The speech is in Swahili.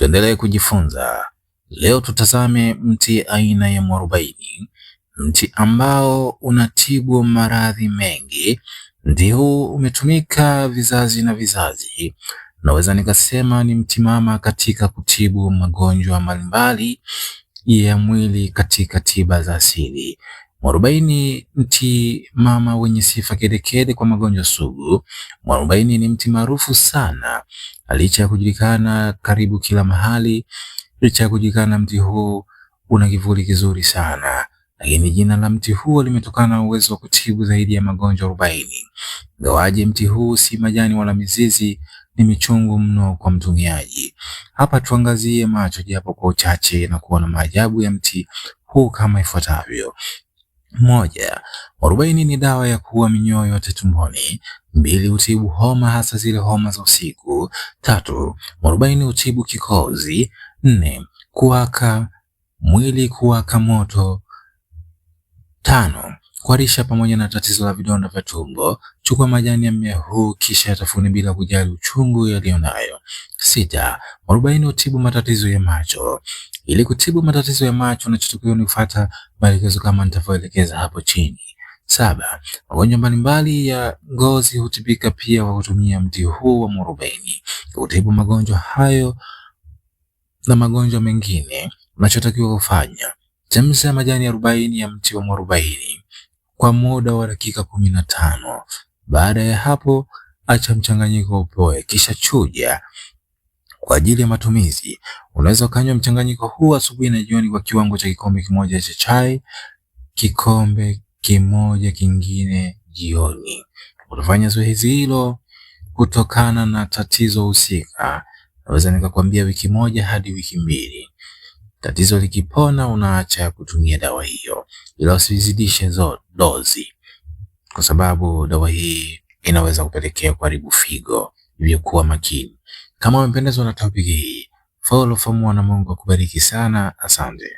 tuendelee kujifunza. Leo tutazame mti aina ya mwarobaini, mti ambao unatibu maradhi mengi. Mti huu umetumika vizazi na vizazi, naweza nikasema ni mti mama katika kutibu magonjwa mbalimbali ya mwili katika tiba za asili. Mwarobaini mti mama wenye sifa kedekede kwa magonjwa sugu. Mwarobaini ni mti maarufu sana, licha ya kujulikana karibu kila mahali. Licha ya kujulikana, mti huu una kivuli kizuri sana, lakini jina la mti huo limetokana na uwezo wa kutibu zaidi ya magonjwa arobaini. Ingawaje mti huu si majani wala mizizi, ni michungu mno kwa mtumiaji. Hapa tuangazie macho japo kwa uchache na kuona maajabu ya mti huu kama ifuatavyo. Moja, mwarobaini ni dawa ya kuua minyoo yote tumboni. Mbili, hutibu homa hasa zile homa za usiku. Tatu, mwarobaini hutibu kikozi. Nne, kuwaka mwili kuwaka moto. Tano, kuharisha pamoja na tatizo la vidonda vya tumbo. Chukua majani ya mmea huu kisha yatafune bila kujali uchungu yaliyonayo. Sita, mwarobaini hutibu matatizo ya macho. Ili kutibu matatizo ya macho, unachotakiwa ni kufuata maelekezo kama nitavyoelekeza hapo chini. Saba, magonjwa mbalimbali ya ngozi hutibika pia kwa kutumia mti huu wa mwarobaini. Kutibu magonjwa hayo na magonjwa mengine, unachotakiwa kufanya chemsha majani arobaini ya mti wa mwarobaini kwa muda wa dakika kumi na tano. Baada ya hapo, acha mchanganyiko upoe, kisha chuja kwa ajili ya matumizi. Unaweza ukanywa mchanganyiko huu asubuhi na jioni kwa kiwango cha kikombe kimoja cha chai, kikombe kimoja kingine jioni. Utafanya zoezi hilo kutokana na tatizo husika, naweza nikakwambia wiki moja hadi wiki mbili. Tatizo likipona, unaacha kutumia dawa hiyo, ila usizidishe dozi, kwa sababu dawa hii inaweza kupelekea kuharibu figo, hivyo kuwa makini. Kama umependezwa na topic hii, follow Famuo na Mungu akubariki sana. Asante.